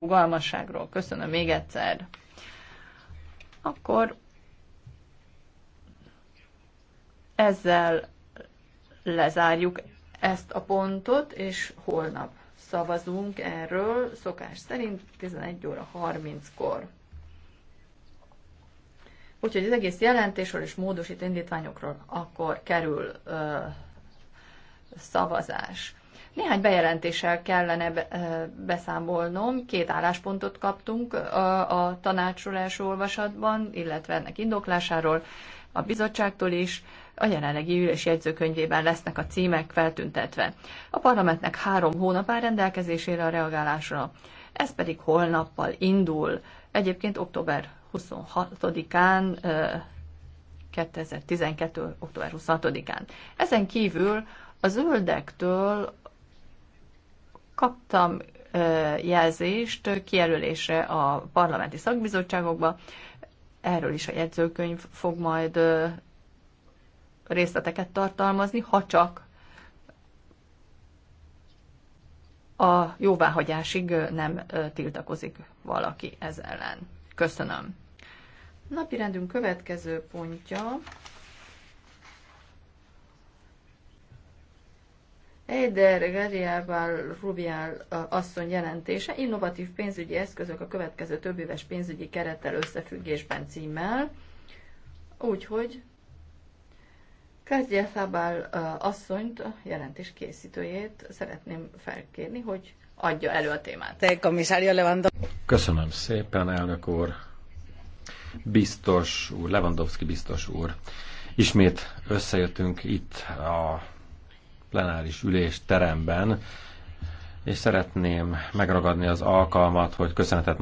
rugalmasságról. Köszönöm még egyszer. Akkor ezzel lezárjuk ezt a pontot, és holnap szavazunk erről, szokás szerint 11 óra 30-kor. Úgyhogy az egész jelentésről és módosít indítványokról akkor kerül ö, szavazás. Néhány bejelentéssel kellene beszámolnom. Két álláspontot kaptunk a tanácsról első olvasatban, illetve ennek indoklásáról a bizottságtól is. A jelenlegi ülés jegyzőkönyvében lesznek a címek feltüntetve. A parlamentnek három hónap áll rendelkezésére a reagálásra, ez pedig holnappal indul. Egyébként október 26-án 2012. október 26-án. Ezen kívül a zöldektől kaptam jelzést kijelölésre a parlamenti szakbizottságokba. Erről is a jegyzőkönyv fog majd részleteket tartalmazni, ha csak a jóváhagyásig nem tiltakozik valaki ez ellen. Köszönöm. Napirendünk következő pontja Eider Gariával Rubial asszony jelentése, innovatív pénzügyi eszközök a következő éves pénzügyi kerettel összefüggésben címmel. Úgyhogy Kárgyel Fábál asszonyt, a jelentés készítőjét szeretném felkérni, hogy adja elő a témát. Köszönöm szépen, elnök úr. Biztos úr, Lewandowski biztos úr. Ismét összejöttünk itt a plenáris ülés teremben, és szeretném megragadni az alkalmat, hogy köszönetet